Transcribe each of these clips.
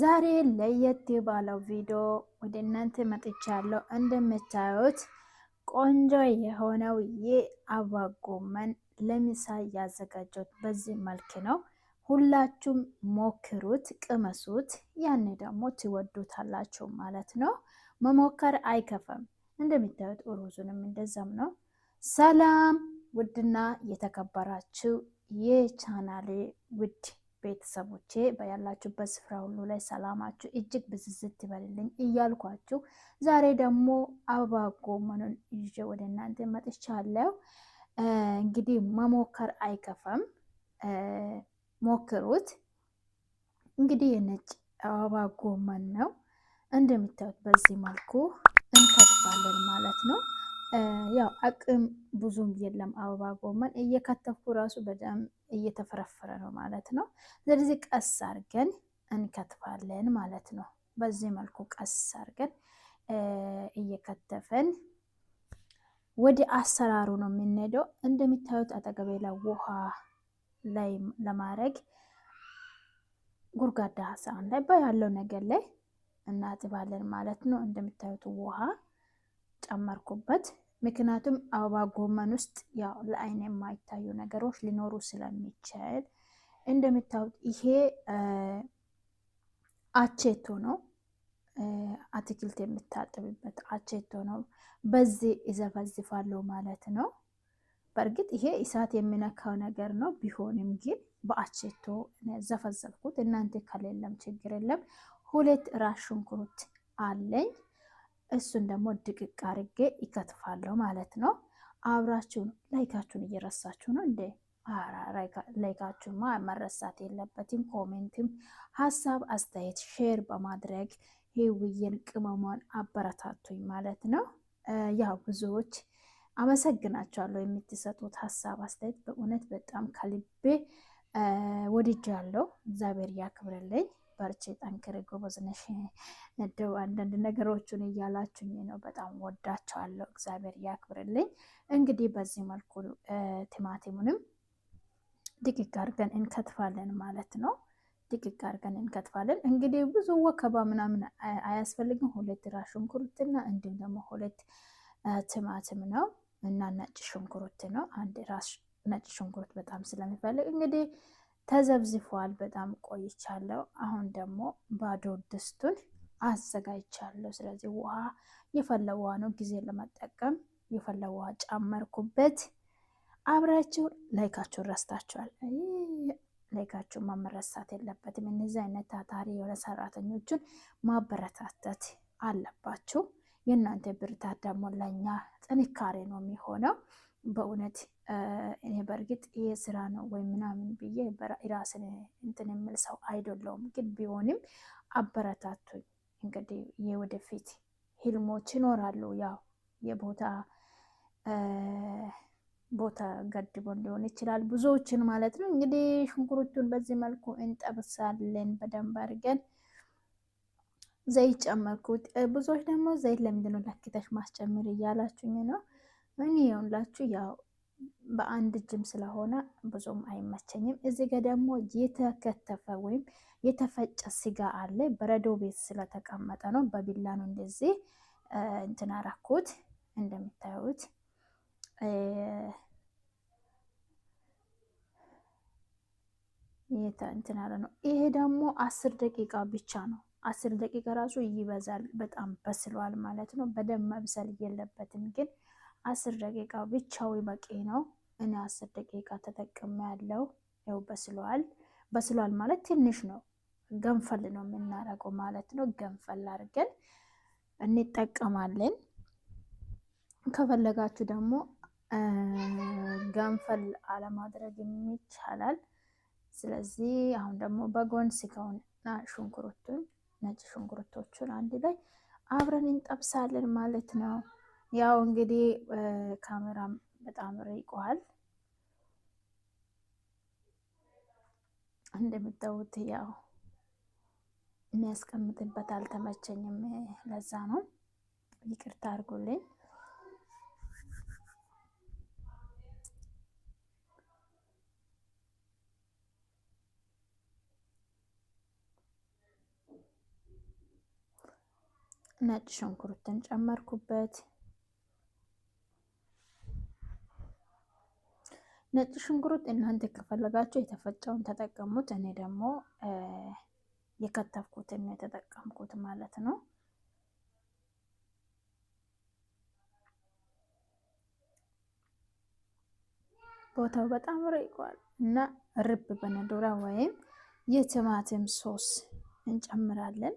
ዛሬ ለየት ባለው ቪዲዮ ወደ እናንተ መጥቻለሁ። እንደምታዩት ቆንጆ የሆነው የአበባ ጎመን ለምሳ ያዘጋጀሁት በዚህ መልክ ነው። ሁላችሁም ሞክሩት፣ ቅመሱት። ያኔ ደግሞ ትወዱታላችሁ ማለት ነው። መሞከር አይከፈም። እንደምታዩት ሩዙንም እንደዛም ነው። ሰላም ውድና የተከበራችሁ የቻናሌ ውድ ቤተሰቦቼ በያላችሁበት ስፍራ ሁሉ ላይ ሰላማችሁ እጅግ ብዝዝት ይበልልኝ እያልኳችሁ ዛሬ ደግሞ አበባ ጎመኑን ይዤ ወደ እናንተ መጥቻለሁ። እንግዲህ መሞከር አይከፋም፣ ሞክሩት። እንግዲህ የነጭ አበባ ጎመን ነው እንደምታዩት፣ በዚህ መልኩ እንከትፋለን ማለት ነው። ያው አቅም ብዙም የለም። አበባ ጎመን እየከተፍኩ ራሱ በጣም እየተፈረፈረ ነው ማለት ነው። ስለዚህ ቀስ አርገን እንከትፋለን ማለት ነው። በዚህ መልኩ ቀስ አርገን እየከተፈን ወደ አሰራሩ ነው የምንሄደው። እንደሚታዩት አጠገቤ ላይ ውሃ ላይ ለማድረግ ጉርጓዳ ሳህን ላይ በያለው ነገር ላይ እናጥባለን ማለት ነው። እንደሚታዩት ውሃ ጨመርኩበት። ምክንያቱም አበባ ጎመን ውስጥ ያው ለአይን የማይታዩ ነገሮች ሊኖሩ ስለሚችል እንደምታዩት ይሄ አቼቶ ነው። አትክልት የምታጥብበት አቼቶ ነው። በዚህ እዘፈዝፋለሁ ማለት ነው። በእርግጥ ይሄ እሳት የሚነካው ነገር ነው። ቢሆንም ግን በአቼቶ ዘፈዘፍኩት። እናንተ ከሌለም ችግር የለም። ሁለት ራስ ሽንኩርት አለኝ። እሱን ደግሞ ድቅቅ አርጌ ይከትፋለሁ ማለት ነው። አብራችሁን ላይካችሁን እየረሳችሁ ነው እንዴ? ላይካችሁማ መረሳት የለበትም። ኮሜንትም፣ ሀሳብ አስተያየት፣ ሼር በማድረግ ሄውዬን ቅመሟን አበረታቱኝ ማለት ነው። ያው ብዙዎች አመሰግናቸዋለሁ የምትሰጡት ሀሳብ አስተያየት በእውነት በጣም ከልቤ ወድጃለሁ። እግዚአብሔር ያክብርልኝ። በርቼ ጠንክሬ ጎበዝ ነሽ እንደው አንዳንድ ነገሮችን እያላችሁኝ ነው። በጣም ወዳቸዋለሁ። እግዚአብሔር ያክብርልኝ። እንግዲህ በዚህ መልኩ ቲማቲሙንም ድቅቅ አድርገን እንከትፋለን ማለት ነው። ድቅቅ አድርገን እንከትፋለን። እንግዲህ ብዙ ወከባ ምናምን አያስፈልግም። ሁለት ራስ ሽንኩርትና እንዲሁም ደግሞ ሁለት ቲማቲም ነው እና ነጭ ሽንኩርት ነው። አንድ ራስ ነጭ ሽንኩርት በጣም ስለሚፈልግ እንግዲህ ተዘብዝፏል። በጣም ቆይቻለሁ። አሁን ደግሞ ባዶ ድስቱን አዘጋጅቻለሁ። ስለዚህ ውሃ የፈላ ውሃ ነው ጊዜ ለመጠቀም የፈላ ውሃ ጨመርኩበት። አብራችሁ ላይካችሁ ረስታችኋል። ላይካችሁ መመረሳት የለበትም። እነዚህ አይነት ታታሪ የሆነ ሰራተኞችን ማበረታታት አለባችሁ። የእናንተ ብርታት ደግሞ ለእኛ ጥንካሬ ነው የሚሆነው። በእውነት እኔ በእርግጥ ይሄ ስራ ነው ወይም ምናምን ብዬ የራስን እንትን የምል ሰው አይደለውም። ግን ቢሆንም አበረታቱኝ። እንግዲህ የወደፊት ህልሞች ይኖራሉ። ያው የቦታ ቦታ ገድቦን ሊሆን ይችላል ብዙዎችን ማለት ነው። እንግዲህ ሽንኩርቱን በዚህ መልኩ እንጠብሳለን በደንብ አድርገን ዘይት ጨመርኩት። ብዙዎች ደግሞ ዘይት ለምንድነው ለክተሽ ማስጨምር እያላችሁኝ ነው። ምን ይሆንላችሁ ያው በአንድ እጅም ስለሆነ ብዙም አይመቸኝም። እዚህ ጋ ደግሞ የተከተፈ ወይም የተፈጨ ስጋ አለ። በረዶ ቤት ስለተቀመጠ ነው። በቢላ ነው እንደዚህ እንትን አረኩት። እንደምታዩት እንትን አለ ነው። ይሄ ደግሞ አስር ደቂቃ ብቻ ነው። አስር ደቂቃ ራሱ ይበዛል። በጣም በስሏል ማለት ነው። በደንብ መብሰል የለበትም ግን አስር ደቂቃ ብቻው በቂ ነው። እኔ አስር ደቂቃ ተጠቅም ያለው ው በስሏል። በስሏል ማለት ትንሽ ነው፣ ገንፈል ነው የምናረገው ማለት ነው። ገንፈል አድርገን እንጠቀማለን። ከፈለጋችሁ ደግሞ ገንፈል አለማድረግ ይቻላል። ስለዚህ አሁን ደግሞ በጎን ስጋውንና ሽንኩርቱን ነጭ ሽንኩርቶቹን አንድ ላይ አብረን እንጠብሳለን ማለት ነው። ያው እንግዲህ ካሜራም በጣም ርቆሃል። እንደምታዩት ያው የሚያስቀምጥበት አልተመቸኝም። ለዛ ነው ይቅርታ አርጉልኝ ነጭ ሽንኩርትን ጨመርኩበት። ነጭ ሽንኩርት እናንተ ከፈለጋችሁ የተፈጨውን ተጠቀሙት። እኔ ደግሞ የከተፍኩትን ነው የተጠቀምኩት ማለት ነው። ቦታው በጣም ረይቋል እና ርብ በነዶራ ወይም የቲማቲም ሶስ እንጨምራለን።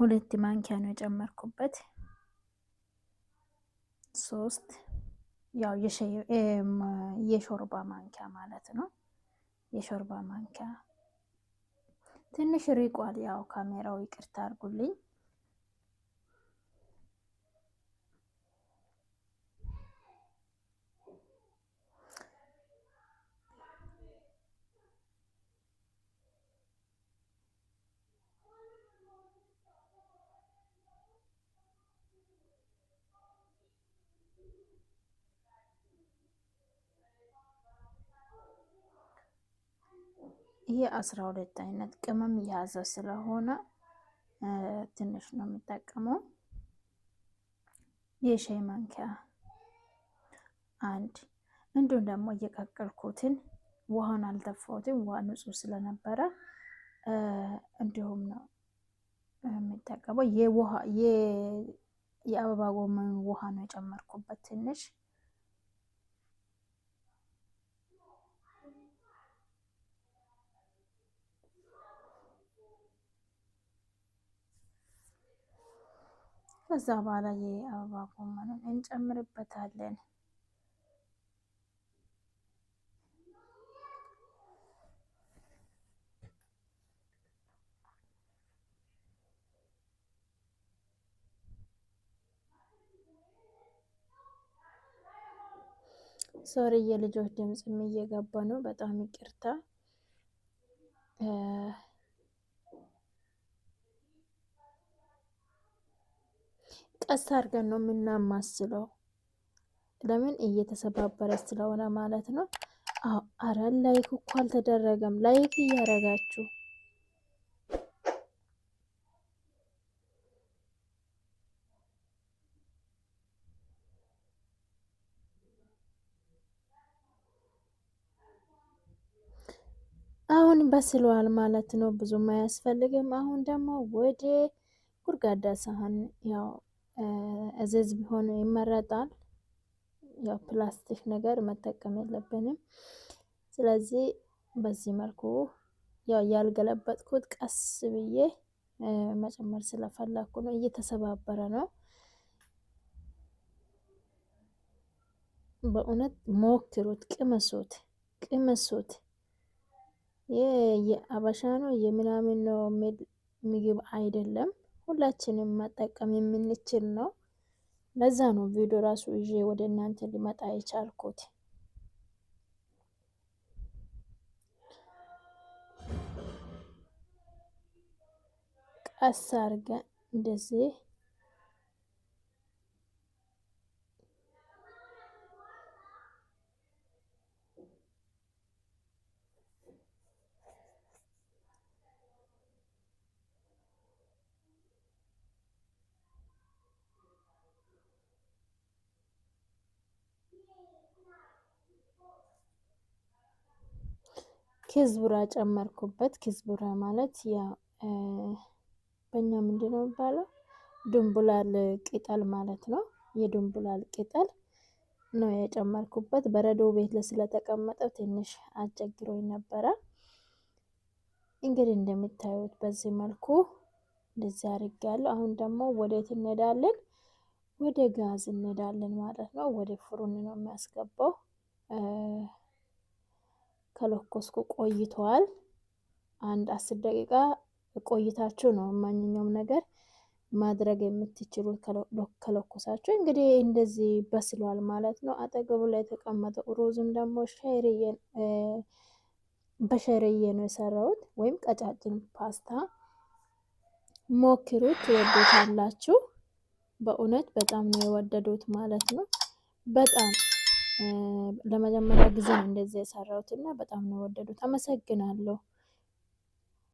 ሁለት ማንኪያ ነው የጨመርኩበት። ሶስት ያው የሾርባ ማንኪያ ማለት ነው። የሾርባ ማንኪያ ትንሽ ሪቋል። ያው ካሜራው ይቅርታ አድርጉልኝ። ይህ አስራ ሁለት አይነት ቅመም የያዘ ስለሆነ ትንሽ ነው የምጠቀመው። የሻይ ማንኪያ አንድ እንዲሁም ደግሞ እየቀቀልኩትን ውሃን አልተፋሁትም። ውሃ ንጹህ ስለነበረ እንዲሁም ነው የምጠቀመው። የአበባ ጎመን ውሃ ነው የጨመርኩበት ትንሽ ከዛ በኋላ የአበባ ጎመኑን እንጨምርበታለን። ሶሪ የልጆች ድምፅም እየገባ ነው። በጣም ይቅርታ። ቀስ አድርገን ነው የምናማስለው። ለምን እየተሰባበረ ስለሆነ ማለት ነው። አረ ላይክ እኮ አልተደረገም። ላይክ እያረጋችሁ አሁን በስሏል ማለት ነው። ብዙም አያስፈልግም። አሁን ደግሞ ወደ ጉርጋዳ ሳህን ያው እዘዝ ቢሆን ይመረጣል። ያው ፕላስቲክ ነገር መጠቀም የለብንም። ስለዚህ በዚህ መልኩ ያው ያልገለበጥኩት ቀስ ብዬ መጨመር ስለፈለኩ ነው። እየተሰባበረ ነው። በእውነት ሞክሩት፣ ቅመሱት፣ ቅመሱት። ይህ የአበሻ ነው የምናምን ነው ምግብ አይደለም። ሁላችንም መጠቀም የምንችል ነው። ለዛ ነው ቪዲዮ ራሱ ይዤ ወደ እናንተ ሊመጣ የቻልኩት። ቀስ አርገ እንደዚህ ኪዝቡራ ጨመርኩበት። ኪዝቡራ ማለት ያው በእኛ ምንድን ነው የሚባለው? ድንቡላል ቅጠል ማለት ነው። የድንቡላል ቅጠል ነው የጨመርኩበት። በረዶ ቤት ላይ ስለተቀመጠው ትንሽ አስቸግሮኝ ነበረ። እንግዲህ እንደምታዩት በዚህ መልኩ እንደዚህ አድርጌያለሁ። አሁን ደግሞ ወዴት እንሄዳለን? ወደ ጋዝ እንሄዳለን ማለት ነው። ወደ ፍሩን ነው የሚያስገባው። ከለኮስኩ ቆይተዋል። አንድ አስር ደቂቃ ቆይታችሁ ነው ማንኛውም ነገር ማድረግ የምትችሉት። ከለኮሳችሁ እንግዲህ እንደዚህ በስሏል ማለት ነው። አጠገቡ ላይ የተቀመጠው ሩዝም ደግሞ በሸርዬ ነው የሰራሁት፣ ወይም ቀጫጭን ፓስታ ሞክሩት፣ ትወዱታላችሁ። በእውነት በጣም ነው የወደዱት ማለት ነው በጣም ለመጀመሪያ ጊዜ ነው እንደዚህ የሰራሁት እና በጣም ነው የወደዱት። አመሰግናለሁ።